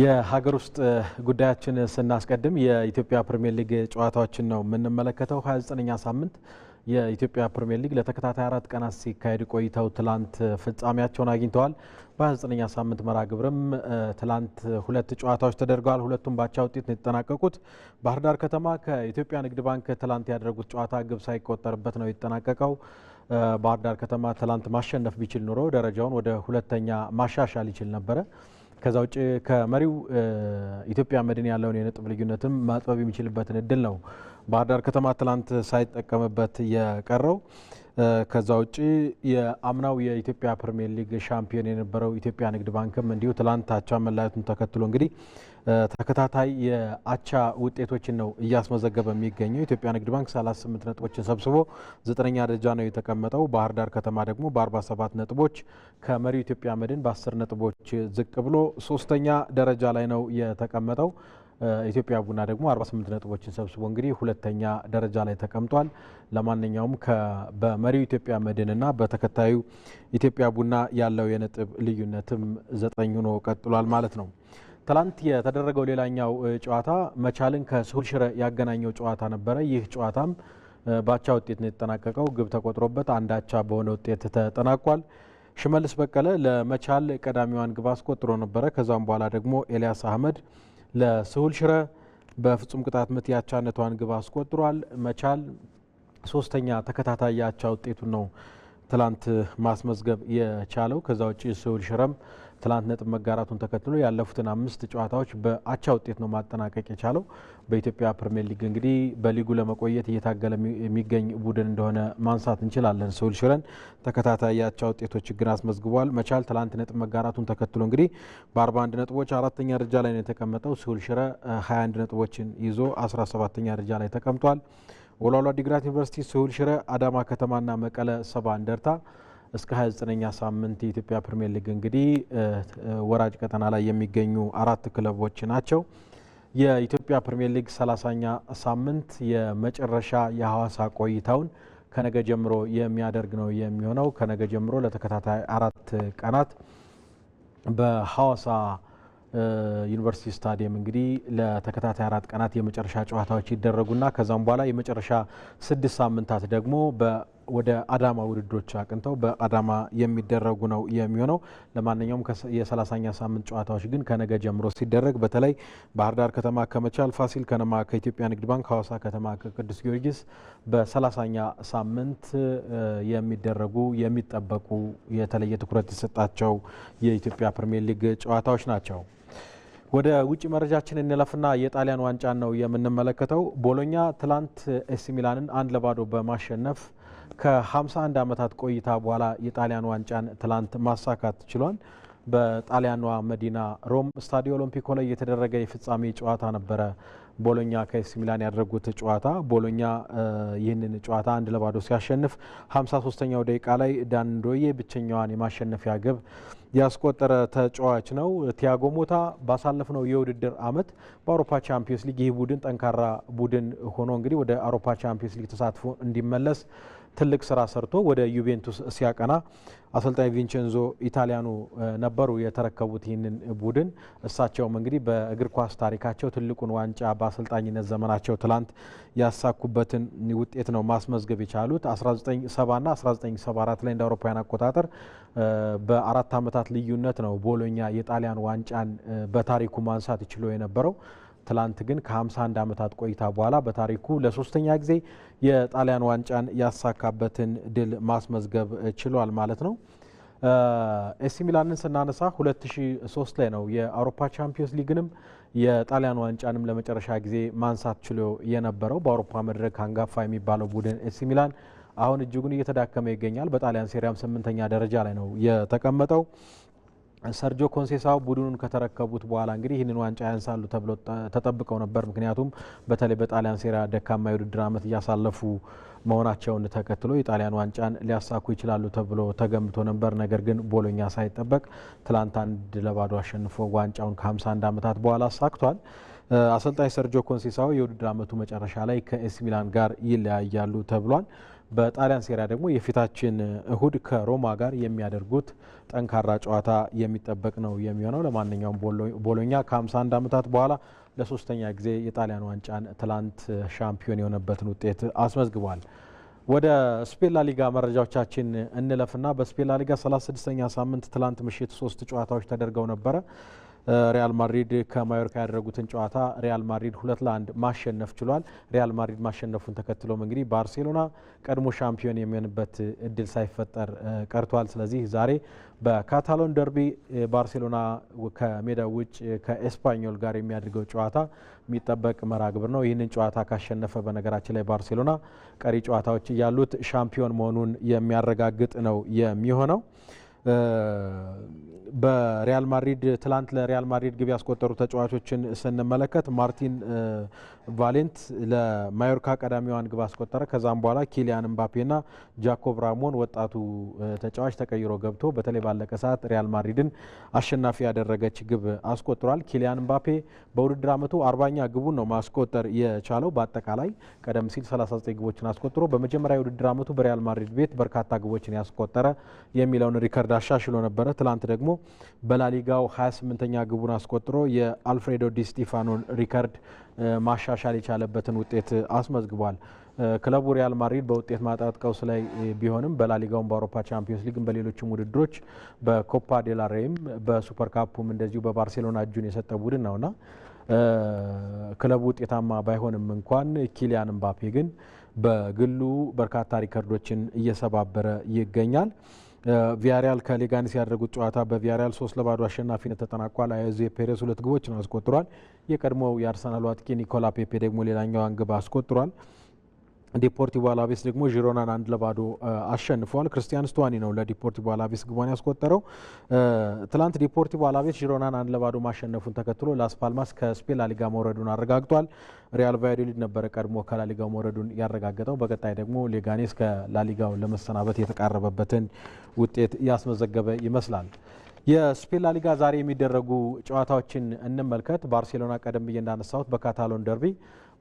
የሀገር ውስጥ ጉዳያችን ስናስቀድም የኢትዮጵያ ፕሪምየር ሊግ ጨዋታዎችን ነው የምንመለከተው። 29ኛ ሳምንት የኢትዮጵያ ፕሪምየር ሊግ ለተከታታይ አራት ቀናት ሲካሄድ ቆይተው ትላንት ፍጻሜያቸውን አግኝተዋል። በ29ኛ ሳምንት መርሃ ግብርም ትላንት ሁለት ጨዋታዎች ተደርገዋል። ሁለቱም ባቻ ውጤት ነው የተጠናቀቁት። ባህር ዳር ከተማ ከኢትዮጵያ ንግድ ባንክ ትላንት ያደረጉት ጨዋታ ግብ ሳይቆጠርበት ነው የተጠናቀቀው። ባህር ዳር ከተማ ትላንት ማሸነፍ ቢችል ኑሮ ደረጃውን ወደ ሁለተኛ ማሻሻል ይችል ነበረ። ከዛ ውጭ ከመሪው ኢትዮጵያ መድን ያለውን የነጥብ ልዩነትም ማጥበብ የሚችልበትን እድል ነው ባህር ዳር ከተማ ትላንት ሳይጠቀምበት የቀረው። ከዛ ውጪ የአምናው የኢትዮጵያ ፕሪሚየር ሊግ ሻምፒዮን የነበረው ኢትዮጵያ ንግድ ባንክም እንዲሁ ትላንት አቻ መለያየቱን ተከትሎ እንግዲህ ተከታታይ የአቻ ውጤቶችን ነው እያስመዘገበ የሚገኘው። ኢትዮጵያ ንግድ ባንክ 38 ነጥቦችን ሰብስቦ ዘጠነኛ ደረጃ ነው የተቀመጠው። ባህር ዳር ከተማ ደግሞ በ47 ነጥቦች ከመሪው ኢትዮጵያ መድን በ10 ነጥቦች ዝቅ ብሎ ሶስተኛ ደረጃ ላይ ነው የተቀመጠው። ኢትዮጵያ ቡና ደግሞ 48 ነጥቦችን ሰብስቦ እንግዲህ ሁለተኛ ደረጃ ላይ ተቀምጧል። ለማንኛውም በመሪው ኢትዮጵያ መድንና በተከታዩ ኢትዮጵያ ቡና ያለው የነጥብ ልዩነትም ዘጠኝ ሆኖ ቀጥሏል ማለት ነው። ትላንት የተደረገው ሌላኛው ጨዋታ መቻልን ከስሁል ሽረ ያገናኘው ጨዋታ ነበረ። ይህ ጨዋታም በአቻ ውጤት ነው የተጠናቀቀው። ግብ ተቆጥሮበት አንድ አቻ በሆነ ውጤት ተጠናቋል። ሽመልስ በቀለ ለመቻል ቀዳሚዋን ግብ አስቆጥሮ ነበረ። ከዛም በኋላ ደግሞ ኤልያስ አህመድ ለስሁል ሽረ በፍጹም ቅጣት ምት ያቻነቷን ግብ አስቆጥሯል። መቻል ሶስተኛ ተከታታይ ያቻ ውጤቱ ነው ትላንት ማስመዝገብ የቻለው። ከዛ ውጭ ስሁል ሽረም ትላንት ነጥብ መጋራቱን ተከትሎ ያለፉትን አምስት ጨዋታዎች በአቻ ውጤት ነው ማጠናቀቅ የቻለው። በኢትዮጵያ ፕሪምየር ሊግ እንግዲህ በሊጉ ለመቆየት እየታገለ የሚገኝ ቡድን እንደሆነ ማንሳት እንችላለን። ስሁል ሽረን ተከታታይ የአቻ ውጤቶች ግን አስመዝግቧል። መቻል ትላንት ነጥብ መጋራቱን ተከትሎ እንግዲህ በ ነጥቦች አራተኛ ደረጃ ላይ ነው የተቀመጠው። ስሁል ሽረ 21 ነጥቦችን ይዞ አስራ ኛ ደረጃ ላይ ተቀምጧል። ወላሏ ዲግራት ዩኒቨርሲቲ፣ ስሁል ሽረ፣ አዳማ ከተማና መቀለ ሰባ እንደርታ እስከ 29ኛ ሳምንት የኢትዮጵያ ፕሪሚየር ሊግ እንግዲህ ወራጅ ቀጠና ላይ የሚገኙ አራት ክለቦች ናቸው። የኢትዮጵያ ፕሪሚየር ሊግ 30ኛ ሳምንት የመጨረሻ የሐዋሳ ቆይታውን ከነገ ጀምሮ የሚያደርግ ነው የሚሆነው። ከነገ ጀምሮ ለተከታታይ አራት ቀናት በሐዋሳ ዩኒቨርሲቲ ስታዲየም እንግዲህ ለተከታታይ አራት ቀናት የመጨረሻ ጨዋታዎች ይደረጉና ከዛም በኋላ የመጨረሻ ስድስት ሳምንታት ደግሞ ወደ አዳማ ውድድሮች አቅንተው በአዳማ የሚደረጉ ነው የሚሆነው። ለማንኛውም የሰላሳኛ ሳምንት ጨዋታዎች ግን ከነገ ጀምሮ ሲደረግ በተለይ ባህር ዳር ከተማ ከመቻል፣ ፋሲል ከነማ ከኢትዮጵያ ንግድ ባንክ፣ ሀዋሳ ከተማ ከቅዱስ ጊዮርጊስ በሰላሳኛ ሳምንት የሚደረጉ የሚጠበቁ የተለየ ትኩረት የሰጣቸው የኢትዮጵያ ፕሪሚየር ሊግ ጨዋታዎች ናቸው። ወደ ውጭ መረጃችን እንለፍና የጣሊያን ዋንጫን ነው የምንመለከተው። ቦሎኛ ትላንት ኤሲ ሚላንን አንድ ለባዶ በማሸነፍ ከ51 ዓመታት ቆይታ በኋላ የጣሊያን ዋንጫን ትላንት ማሳካት ችሏል። በጣሊያኗ መዲና ሮም ስታዲዮ ኦሎምፒኮ ላይ የተደረገ የፍጻሜ ጨዋታ ነበረ። ቦሎኛ ከኤሲ ሚላን ያደረጉት ጨዋታ ቦሎኛ ይህንን ጨዋታ አንድ ለባዶ ሲያሸንፍ 53ኛው ደቂቃ ላይ ዳንዶዬ ብቸኛዋን የማሸነፊያ ግብ ያስቆጠረ ተጫዋች ነው። ቲያጎ ሞታ ባሳለፍነው የውድድር ዓመት በአውሮፓ ቻምፒዮንስ ሊግ ይህ ቡድን ጠንካራ ቡድን ሆኖ እንግዲህ ወደ አውሮፓ ቻምፒዮንስ ሊግ ተሳትፎ እንዲመለስ ትልቅ ስራ ሰርቶ ወደ ዩቬንቱስ ሲያቀና አሰልጣኝ ቪንቼንዞ ኢታሊያኑ ነበሩ የተረከቡት ይህንን ቡድን። እሳቸውም እንግዲህ በእግር ኳስ ታሪካቸው ትልቁን ዋንጫ በአሰልጣኝነት ዘመናቸው ትላንት ያሳኩበትን ውጤት ነው ማስመዝገብ የቻሉት። 1970ና 1974 ላይ እንደ አውሮፓውያን አቆጣጠር በአራት ዓመታት ልዩነት ነው ቦሎኛ የጣሊያን ዋንጫን በታሪኩ ማንሳት ይችሎ የነበረው። ትላንት ግን ከ51 ዓመታት ቆይታ በኋላ በታሪኩ ለሶስተኛ ጊዜ የጣሊያን ዋንጫን ያሳካበትን ድል ማስመዝገብ ችሏል ማለት ነው። ኤሲ ሚላንን ስናነሳ 2003 ላይ ነው የአውሮፓ ቻምፒዮንስ ሊግንም የጣሊያን ዋንጫንም ለመጨረሻ ጊዜ ማንሳት ችሎ የነበረው። በአውሮፓ መድረክ አንጋፋ የሚባለው ቡድን ኤሲ ሚላን አሁን እጅጉን እየተዳከመ ይገኛል። በጣሊያን ሴሪያም ስምንተኛ ደረጃ ላይ ነው የተቀመጠው። ሰርጆ ኮንሴሳው ቡድኑን ከተረከቡት በኋላ እንግዲህ ይህንን ዋንጫ ያንሳሉ ተብሎ ተጠብቀው ነበር። ምክንያቱም በተለይ በጣሊያን ሴራ ደካማ የውድድር ዓመት እያሳለፉ መሆናቸውን ተከትሎ የጣሊያን ዋንጫን ሊያሳኩ ይችላሉ ተብሎ ተገምቶ ነበር። ነገር ግን ቦሎኛ ሳይጠበቅ ትላንት አንድ ለባዶ አሸንፎ ዋንጫውን ከ51 ዓመታት በኋላ አሳክቷል። አሰልጣኝ ሰርጆ ኮንሴሳው የውድድር ዓመቱ መጨረሻ ላይ ከኤሲ ሚላን ጋር ይለያያሉ ተብሏል። በጣሊያን ሴሪያ ደግሞ የፊታችን እሁድ ከሮማ ጋር የሚያደርጉት ጠንካራ ጨዋታ የሚጠበቅ ነው የሚሆነው። ለማንኛውም ቦሎኛ ከ51 ዓመታት በኋላ ለሶስተኛ ጊዜ የጣሊያን ዋንጫን ትላንት ሻምፒዮን የሆነበትን ውጤት አስመዝግቧል። ወደ ስፔን ላሊጋ መረጃዎቻችን እንለፍና በስፔን ላሊጋ 36ኛ ሳምንት ትላንት ምሽት ሶስት ጨዋታዎች ተደርገው ነበረ። ሪያል ማድሪድ ከማዮርካ ያደረጉትን ጨዋታ ሪያል ማድሪድ ሁለት ለአንድ ማሸነፍ ችሏል። ሪያል ማድሪድ ማሸነፉን ተከትሎም እንግዲህ ባርሴሎና ቀድሞ ሻምፒዮን የሚሆንበት እድል ሳይፈጠር ቀርቷል። ስለዚህ ዛሬ በካታሎን ደርቢ ባርሴሎና ከሜዳ ውጭ ከኤስፓኞል ጋር የሚያደርገው ጨዋታ የሚጠበቅ መርሃ ግብር ነው። ይህንን ጨዋታ ካሸነፈ በነገራችን ላይ ባርሴሎና ቀሪ ጨዋታዎች ያሉት ሻምፒዮን መሆኑን የሚያረጋግጥ ነው የሚሆነው። በሪያል ማድሪድ ትላንት ለሪያል ማድሪድ ግብ ያስቆጠሩ ተጫዋቾችን ስንመለከት ማርቲን ቫሌንት ለማዮርካ ቀዳሚዋን ግብ አስቆጠረ። ከዛም በኋላ ኪሊያን ምባፔና ጃኮብ ራሞን ወጣቱ ተጫዋች ተቀይሮ ገብቶ በተለይ ባለቀ ሰዓት ሪያል ማድሪድን አሸናፊ ያደረገች ግብ አስቆጥሯል። ኪሊያን ምባፔ በውድድር ዓመቱ አርባኛ ግቡን ነው ማስቆጠር የቻለው። በአጠቃላይ ቀደም ሲል 39 ግቦችን አስቆጥሮ በመጀመሪያ የውድድር ዓመቱ በሪያል ማድሪድ ቤት በርካታ ግቦችን ያስቆጠረ የሚለውን ሪከርድ አሻሽሎ ነበረ። ትላንት ደግሞ በላሊጋው 28ኛ ግቡን አስቆጥሮ የአልፍሬዶ ዲስቲፋኖን ሪከርድ ማሻሻል የቻለበትን ውጤት አስመዝግቧል። ክለቡ ሪያል ማድሪድ በውጤት ማጣት ቀውስ ላይ ቢሆንም በላሊጋውም በአውሮፓ ቻምፒዮንስ ሊግም በሌሎችም ውድድሮች በኮፓ ዴላሬይም በሱፐር ካፑም እንደዚሁ በባርሴሎና እጁን የሰጠ ቡድን ነውና ክለቡ ውጤታማ ባይሆንም እንኳን ኪሊያን ምባፔ ግን በግሉ በርካታ ሪከርዶችን እየሰባበረ ይገኛል። ቪያሪያል ከሌጋኒስ ያደረጉት ጨዋታ በቪያሪያል ሶስት ለባዶ አሸናፊነት ተጠናቋል። አያዜ ፔሬስ ሁለት ግቦችን አስቆጥሯል። የቀድሞው የአርሰናሉ አጥቂ ኒኮላ ፔፔ ደግሞ ሌላኛዋን ግብ አስቆጥሯል። ዲፖርቲቮ አላቤስ ደግሞ ዢሮናን አንድ ለባዶ አሸንፏል። ክርስቲያን ስቱዋኒ ነው ለዲፖርቲቮ አላቤስ ግቧን ያስቆጠረው። ትላንት ዲፖርቲቮ አላቤስ ዢሮናን አንድ ለባዶ ማሸነፉን ተከትሎ ፓልማስ ከስፔን ላሊጋ መውረዱን አረጋግጧል። ሪያል ቫያዶሊድ ነበረ ቀድሞ ከላሊጋው መውረዱን ያረጋገጠው። በቀጣይ ደግሞ ሌጋኔስ ከላሊጋው ለመሰናበት የተቃረበበትን ውጤት ያስመዘገበ ይመስላል። የስፔን ላሊጋ ዛሬ የሚደረጉ ጨዋታዎችን እንመልከት። ባርሴሎና ቀደም ብዬ እንዳነሳሁት በካታሎን ደርቢ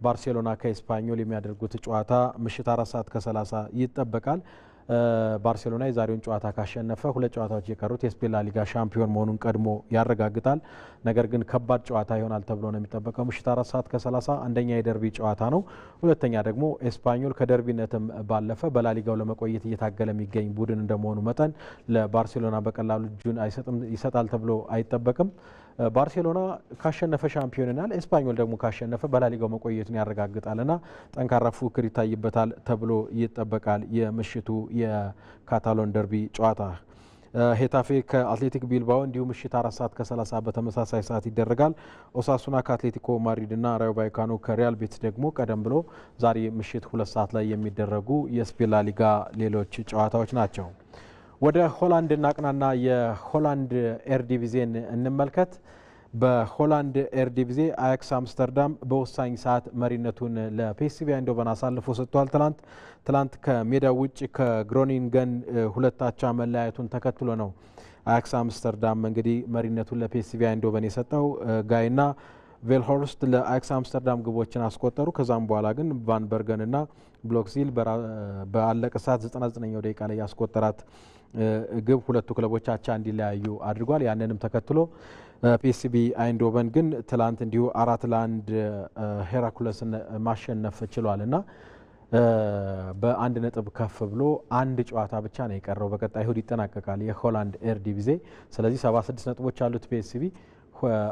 ባርሴሎና ከኤስፓኞል የሚያደርጉት ጨዋታ ምሽት አራት ሰዓት ከሰላሳ ይጠበቃል። ባርሴሎና የዛሬውን ጨዋታ ካሸነፈ ሁለት ጨዋታዎች የቀሩት የስፔን ላሊጋ ሻምፒዮን መሆኑን ቀድሞ ያረጋግጣል። ነገር ግን ከባድ ጨዋታ ይሆናል ተብሎ ነው የሚጠበቀው። ምሽት አራት ሰዓት ከሰላሳ አንደኛ የደርቢ ጨዋታ ነው። ሁለተኛ ደግሞ ኤስፓኞል ከደርቢነትም ባለፈ በላሊጋው ለመቆየት እየታገለ የሚገኝ ቡድን እንደመሆኑ መጠን ለባርሴሎና በቀላሉ እጁን ይሰጣል ተብሎ አይጠበቅም። ባርሴሎና ካሸነፈ ሻምፒዮን ናል። ኤስፓኞል ደግሞ ካሸነፈ በላሊጋው መቆየቱን ያረጋግጣል ና ጠንካራ ፉክክር ይታይበታል ተብሎ ይጠበቃል። የምሽቱ የካታሎን ደርቢ ጨዋታ ሄታፌ ከአትሌቲክ ቢልባኦ እንዲሁም ምሽት አራት ሰዓት ከሰላሳ በተመሳሳይ ሰዓት ይደረጋል። ኦሳሱና ከአትሌቲኮ ማድሪድና ራዮ ባይካኖ ከሪያል ቤት ደግሞ ቀደም ብሎ ዛሬ ምሽት ሁለት ሰዓት ላይ የሚደረጉ የስፔን ላሊጋ ሌሎች ጨዋታዎች ናቸው። ወደ ሆላንድ እናቅናና የሆላንድ ኤርዲቪዜን እንመልከት። በሆላንድ ኤርዲቪዜ አያክስ አምስተርዳም በወሳኝ ሰዓት መሪነቱን ለፒኤስቪ አይንዶቨን አሳልፎ ሰጥቷል። ትላንት ትላንት ከሜዳው ውጭ ከግሮኒንገን ሁለታቻ መለያየቱን ተከትሎ ነው አያክስ አምስተርዳም እንግዲህ መሪነቱን ለፒኤስቪ አይንዶቨን የሰጠው ጋይና ቬልሆርስት ለአያክስ አምስተርዳም ግቦችን አስቆጠሩ። ከዛም በኋላ ግን ቫንበርገንና ብሎክሲል በአለቀ ሰዓት 99ኛው ደቂቃ ላይ ያስቆጠራት ግብ ሁለቱ ክለቦች አቻ እንዲለያዩ አድርጓል። ያንንም ተከትሎ ፒኤስቪ አይንዶቨን ግን ትላንት እንዲሁ አራት ለአንድ ሄራኩለስን ማሸነፍ ችሏል እና በአንድ ነጥብ ከፍ ብሎ አንድ ጨዋታ ብቻ ነው የቀረው። በቀጣይ እሁድ ይጠናቀቃል የሆላንድ ኤርዲቪዜ። ስለዚህ 76 ነጥቦች ያሉት ፒኤስቪ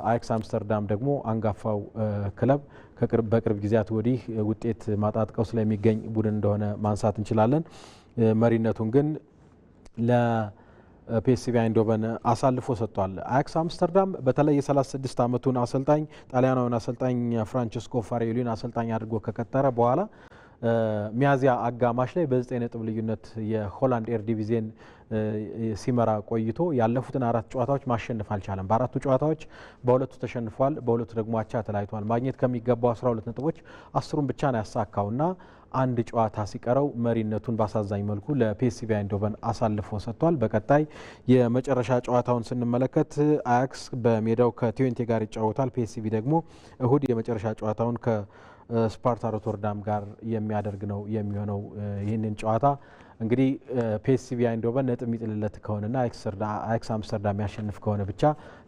አያክስ አምስተርዳም ደግሞ አንጋፋው ክለብ በቅርብ ጊዜያት ወዲህ ውጤት ማጣጥቀው ስለሚገኝ ቡድን እንደሆነ ማንሳት እንችላለን። መሪነቱን ግን ለፒኤስቪ አይንዶቨን አሳልፎ ሰጥቷል። አያክስ አምስተርዳም በተለይ የ36 ዓመቱን አሰልጣኝ ጣሊያናዊን አሰልጣኝ ፍራንቸስኮ ፋሬሊን አሰልጣኝ አድርጎ ከቀጠረ በኋላ ሚያዚያ አጋማሽ ላይ በዘጠኝ ነጥብ ልዩነት የሆላንድ ዲቪዜን ሲመራ ቆይቶ ያለፉትን አራት ጨዋታዎች ማሸነፍ አልቻለም። በአራቱ ጨዋታዎች በሁለቱ ተሸንፏል፣ በሁለቱ ደግሞ አቻ ተለያይቷል። ማግኘት ከሚገባው ሁለት ነጥቦች አስሩን ብቻ ነው ያሳካውና አንድ ጨዋታ ሲቀረው መሪነቱን በአሳዛኝ መልኩ ለፒኤስቪ አይንዶቨን አሳልፎ ሰጥቷል። በቀጣይ የመጨረሻ ጨዋታውን ስንመለከት አያክስ በሜዳው ከቲዌንቲ ጋር ይጫወታል። ፒኤስቪ ደግሞ እሁድ የመጨረሻ ጨዋታውን ከስፓርታ ሮተርዳም ጋር የሚያደርግ ነው የሚሆነው። ይህንን ጨዋታ እንግዲህ ፒኤስቪ አይንዶቨን ነጥብ የሚጥልለት ከሆነና አያክስ አምስተርዳም ያሸንፍ ከሆነ ብቻ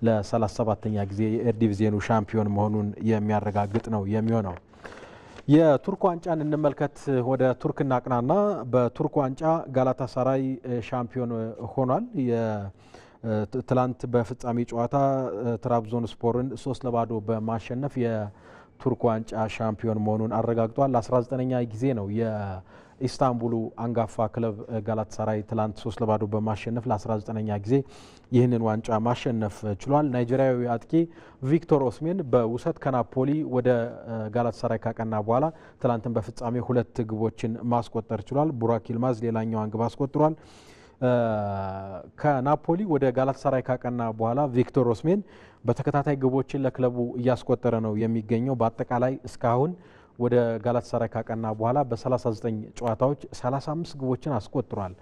ለ37ኛ ጊዜ የኤርዲቪዜኑ ሻምፒዮን መሆኑን የሚያረጋግጥ ነው የሚሆነው። የቱርክ ዋንጫን እንመልከት። ወደ ቱርክ እናቅናና በቱርክ ዋንጫ ጋላታ ሳራይ ሻምፒዮን ሆኗል። ትላንት በፍጻሜ ጨዋታ ትራብዞን ስፖርን ሶስት ለባዶ በማሸነፍ የቱርክ ዋንጫ ሻምፒዮን መሆኑን አረጋግጧል። ለ19ኛ ጊዜ ነው ኢስታንቡሉ አንጋፋ ክለብ ጋላትሳራይ ትላንት ሶስት ለባዶ በማሸነፍ ለ19ኛ ጊዜ ይህንን ዋንጫ ማሸነፍ ችሏል። ናይጄሪያዊ አጥቂ ቪክቶር ኦስሜን በውሰት ከናፖሊ ወደ ጋላትሳራይ ካቀና በኋላ ትላንትን በፍጻሜ ሁለት ግቦችን ማስቆጠር ችሏል። ቡራክ ይልማዝ ሌላኛዋን ግብ አስቆጥሯል። ከናፖሊ ወደ ጋላትሳራይ ካቀና በኋላ ቪክቶር ኦስሜን በተከታታይ ግቦችን ለክለቡ እያስቆጠረ ነው የሚገኘው። በአጠቃላይ እስካሁን ወደ ጋላታሳራይ ካቀና በኋላ በ39 ጨዋታዎች 35 ግቦችን አስቆጥሯል።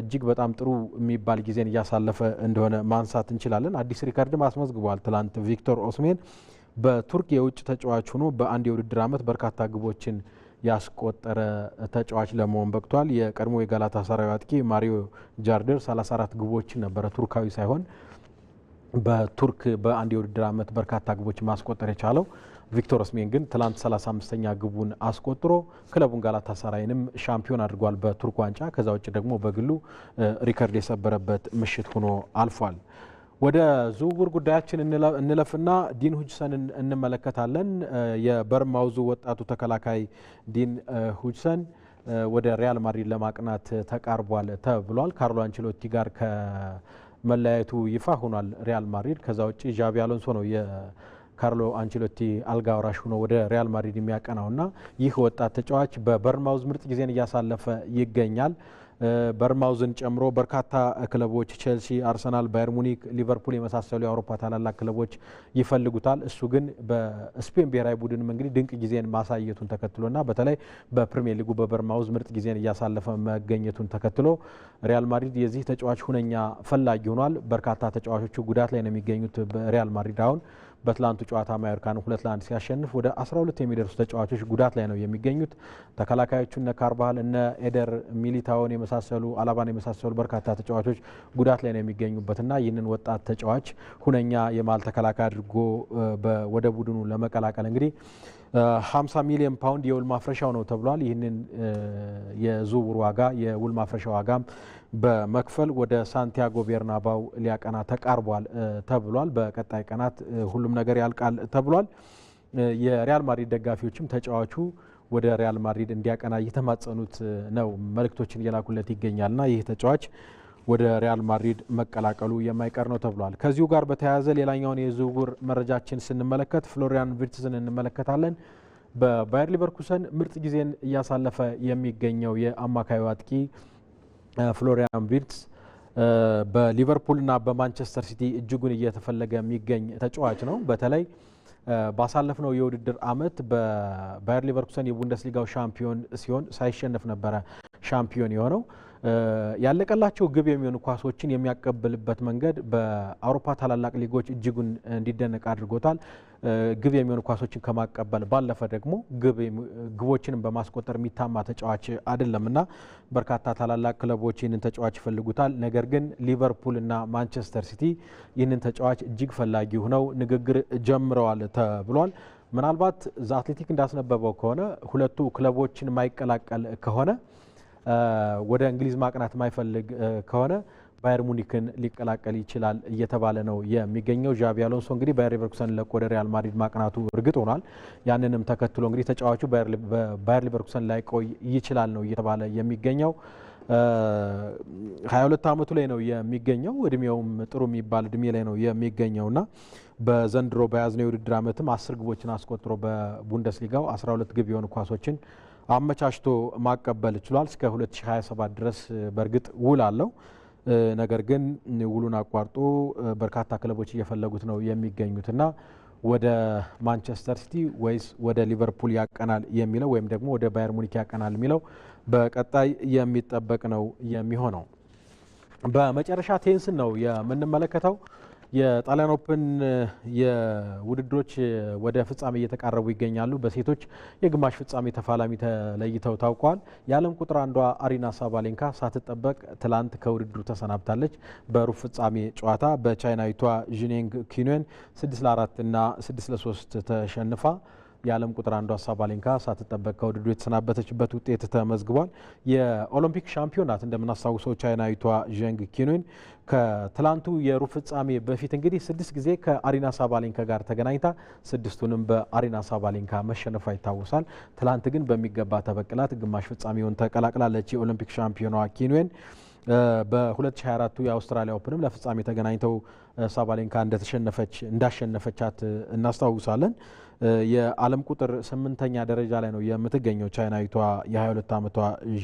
እጅግ በጣም ጥሩ የሚባል ጊዜን እያሳለፈ እንደሆነ ማንሳት እንችላለን። አዲስ ሪከርድም አስመዝግቧል። ትላንት ቪክቶር ኦስሜን በቱርክ የውጭ ተጫዋች ሆኖ በአንድ የውድድር ዓመት በርካታ ግቦችን ያስቆጠረ ተጫዋች ለመሆን በቅቷል። የቀድሞ የጋላታ ሳራዊ አጥቂ ማሪዮ ጃርደር 34 ግቦችን ነበረ ቱርካዊ ሳይሆን በቱርክ በአንድ የውድድር ዓመት በርካታ ግቦችን ማስቆጠር የቻለው ቪክቶር ኦስሜን ግን ትላንት 35ኛ ግቡን አስቆጥሮ ክለቡን ጋላታሳራይንም ሻምፒዮን አድርጓል በቱርክ ዋንጫ። ከዛ ውጭ ደግሞ በግሉ ሪከርድ የሰበረበት ምሽት ሆኖ አልፏል። ወደ ዝውውር ጉዳያችን እንለፍና ዲን ሁጅሰንን እንመለከታለን። የበርማውዙ ወጣቱ ተከላካይ ዲን ሁጅሰን ወደ ሪያል ማድሪድ ለማቅናት ተቃርቧል ተብሏል። ካርሎ አንችሎቲ ጋር ከመለያየቱ ይፋ ሆኗል ሪያል ማድሪድ። ከዛ ውጭ ዣቢ አሎንሶ ነው ካርሎ አንቸሎቲ አልጋ ወራሽ ሆኖ ወደ ሪያል ማድሪድ የሚያቀናውና ይህ ወጣት ተጫዋች በበርማውዝ ምርጥ ጊዜን እያሳለፈ ይገኛል። በርማውዝን ጨምሮ በርካታ ክለቦች ቼልሲ፣ አርሰናል፣ ባየር ሙኒክ፣ ሊቨርፑል የመሳሰሉ የአውሮፓ ታላላቅ ክለቦች ይፈልጉታል። እሱ ግን በስፔን ብሔራዊ ቡድንም እንግዲህ ድንቅ ጊዜን ማሳየቱን ተከትሎና በተለይ በፕሪሚየር ሊጉ በበርማውዝ ምርጥ ጊዜን እያሳለፈ መገኘቱን ተከትሎ ሪያል ማድሪድ የዚህ ተጫዋች ሁነኛ ፈላጊ ሆኗል። በርካታ ተጫዋቾቹ ጉዳት ላይ ነው የሚገኙት በሪያል ማድሪድ አሁን በትላንቱ ጨዋታ ማዮርካን ሁለት ለአንድ ሲያሸንፍ ወደ 12 የሚደርሱ ተጫዋቾች ጉዳት ላይ ነው የሚገኙት። ተከላካዮቹ እነ ካርባህል እነ ኤደር ሚሊታውን የመሳሰሉ አላባን የመሳሰሉ በርካታ ተጫዋቾች ጉዳት ላይ ነው የሚገኙበትና ይህንን ወጣት ተጫዋች ሁነኛ የመሃል ተከላካይ አድርጎ ወደ ቡድኑ ለመቀላቀል እንግዲህ 50 ሚሊዮን ፓውንድ የውል ማፍረሻው ነው ተብሏል። ይህንን የዝውውር ዋጋ የውል ማፍረሻ ዋጋ በመክፈል ወደ ሳንቲያጎ ቤርናባው ሊያቀና ተቃርቧል ተብሏል። በቀጣይ ቀናት ሁሉም ነገር ያልቃል ተብሏል። የሪያል ማድሪድ ደጋፊዎችም ተጫዋቹ ወደ ሪያል ማድሪድ እንዲያቀና እየተማጸኑት ነው፣ መልእክቶችን እየላኩለት ይገኛልና ይህ ተጫዋች ወደ ሪያል ማድሪድ መቀላቀሉ የማይቀር ነው ተብሏል። ከዚሁ ጋር በተያያዘ ሌላኛውን የዝውውር መረጃችን ስንመለከት ፍሎሪያን ቪርትዝን እንመለከታለን። በባየር ሊቨርኩሰን ምርጥ ጊዜን እያሳለፈ የሚገኘው የአማካዩ አጥቂ ፍሎሪያን ቪርትዝ በሊቨርፑልና በማንቸስተር ሲቲ እጅጉን እየተፈለገ የሚገኝ ተጫዋች ነው። በተለይ ባሳለፍነው የውድድር ዓመት በባየር ሊቨርኩሰን የቡንደስሊጋው ሻምፒዮን ሲሆን ሳይሸነፍ ነበረ ሻምፒዮን የሆነው። ያለቀላቸው ግብ የሚሆኑ ኳሶችን የሚያቀብልበት መንገድ በአውሮፓ ታላላቅ ሊጎች እጅጉን እንዲደነቅ አድርጎታል። ግብ የሚሆኑ ኳሶችን ከማቀበል ባለፈ ደግሞ ግቦችንም በማስቆጠር የሚታማ ተጫዋች አይደለምና በርካታ ታላላቅ ክለቦች ይህንን ተጫዋች ይፈልጉታል። ነገር ግን ሊቨርፑል እና ማንቸስተር ሲቲ ይህንን ተጫዋች እጅግ ፈላጊ ሆነው ንግግር ጀምረዋል ተብሏል። ምናልባት ዘ አትሌቲክ እንዳስነበበው ከሆነ ሁለቱ ክለቦችን ማይቀላቀል ከሆነ ወደ እንግሊዝ ማቅናት የማይፈልግ ከሆነ ባየር ሙኒክን ሊቀላቀል ይችላል እየተባለ ነው የሚገኘው። ዣቢ አሎንሶ እንግዲህ ባየር ሊቨርኩሰን ለቆ ወደ ሪያል ማድሪድ ማቅናቱ እርግጥ ሆኗል። ያንንም ተከትሎ እንግዲህ ተጫዋቹ ባየር ሊቨርኩሰን ላይ ቆይ ይችላል ነው እየተባለ የሚገኘው። 22 ዓመቱ ላይ ነው የሚገኘው። እድሜውም ጥሩ የሚባል እድሜ ላይ ነው ና በዘንድሮ በያዝነው የውድድር ዓመትም አስር ግቦችን አስቆጥሮ በቡንደስሊጋው 12 ግብ የሆኑ ኳሶችን አመቻችቶ ማቀበል ችሏል። እስከ 2027 ድረስ በእርግጥ ውል አለው። ነገር ግን ውሉን አቋርጦ በርካታ ክለቦች እየፈለጉት ነው የሚገኙትና ወደ ማንቸስተር ሲቲ ወይስ ወደ ሊቨርፑል ያቀናል የሚለው ወይም ደግሞ ወደ ባየር ሙኒክ ያቀናል የሚለው በቀጣይ የሚጠበቅ ነው የሚሆነው። በመጨረሻ ቴንስን ነው የምንመለከተው። የጣሊያን ኦፕን የውድድሮች ወደ ፍጻሜ እየተቃረቡ ይገኛሉ። በሴቶች የግማሽ ፍጻሜ ተፋላሚ ተለይተው ታውቀዋል። የዓለም ቁጥር አንዷ አሪና ሳባሌንካ ሳትጠበቅ ትላንት ከውድድሩ ተሰናብታለች። በሩብ ፍጻሜ ጨዋታ በቻይናዊቷ ዥኔንግ ኪኑን 6 ለ4 እና 6 ለ3 ተሸንፋ የዓለም ቁጥር አንዷ ሳባሌንካ ሳትጠበቅ ከውድድሩ የተሰናበተችበት ውጤት ተመዝግቧል። የኦሎምፒክ ሻምፒዮናት እንደምናስታውሰው ቻይናዊቷ ዠንግ ኪኑን ከትላንቱ የሩብ ፍጻሜ በፊት እንግዲህ ስድስት ጊዜ ከአሪና ሳባሌንካ ጋር ተገናኝታ ስድስቱንም በአሪና ሳባሌንካ መሸነፏ ይታወሳል። ትላንት ግን በሚገባ ተበቅላት ግማሽ ፍጻሜውን ተቀላቅላለች። የኦሎምፒክ ሻምፒዮኗ ኪንዌን በ2024 የአውስትራሊያ ኦፕንም ለፍጻሜ ተገናኝተው ሳባሌንካ እንደተሸነፈች እንዳሸነፈቻት እናስታውሳለን። የዓለም ቁጥር ስምንተኛ ደረጃ ላይ ነው የምትገኘው ቻይናዊቷ የ22 ዓመቷ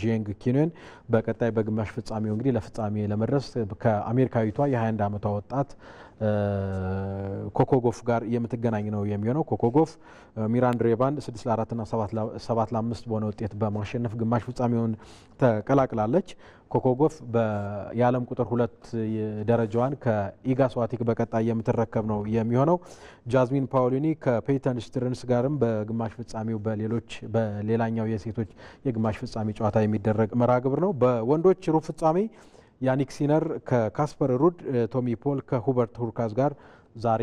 ዤንግ ኪንን። በቀጣይ በግማሽ ፍጻሜው እንግዲህ ለፍጻሜ ለመድረስ ከአሜሪካዊቷ የ21 ዓመቷ ወጣት ኮኮጎፍ ጋር የምትገናኝ ነው የሚሆነው። ኮኮጎፍ ሚራንድ ሬባን 6 ለ4 እና 7 ለ5 በሆነ ውጤት በማሸነፍ ግማሽ ፍጻሜውን ተቀላቅላለች። ኮኮጎፍ የዓለም ቁጥር ሁለት ደረጃዋን ከኢጋስዋቲክ በቀጣይ የምትረከብ ነው የሚሆነው። ጃዝሚን ፓውሊኒ ከፔተን ስትርንስ ጋርም በግማሽ ፍጻሜው በሌሎች በሌላኛው የሴቶች የግማሽ ፍጻሜ ጨዋታ የሚደረግ መርሃ ግብር ነው። በወንዶች ሩብ ፍጻሜ ያኒክ ሲነር ከካስፐር ሩድ፣ ቶሚ ፖል ከሁበርት ሁርካዝ ጋር ዛሬ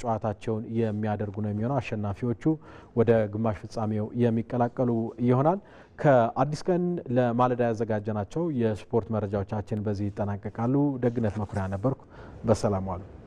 ጨዋታቸውን የሚያደርጉ ነው የሚሆነው። አሸናፊዎቹ ወደ ግማሽ ፍጻሜው የሚቀላቀሉ ይሆናል። ከአዲስ ቀን ለማለዳ ያዘጋጀናቸው የስፖርት መረጃዎቻችን በዚህ ይጠናቀቃሉ። ደግነት መኩሪያ ነበርኩ። በሰላም ዋሉ።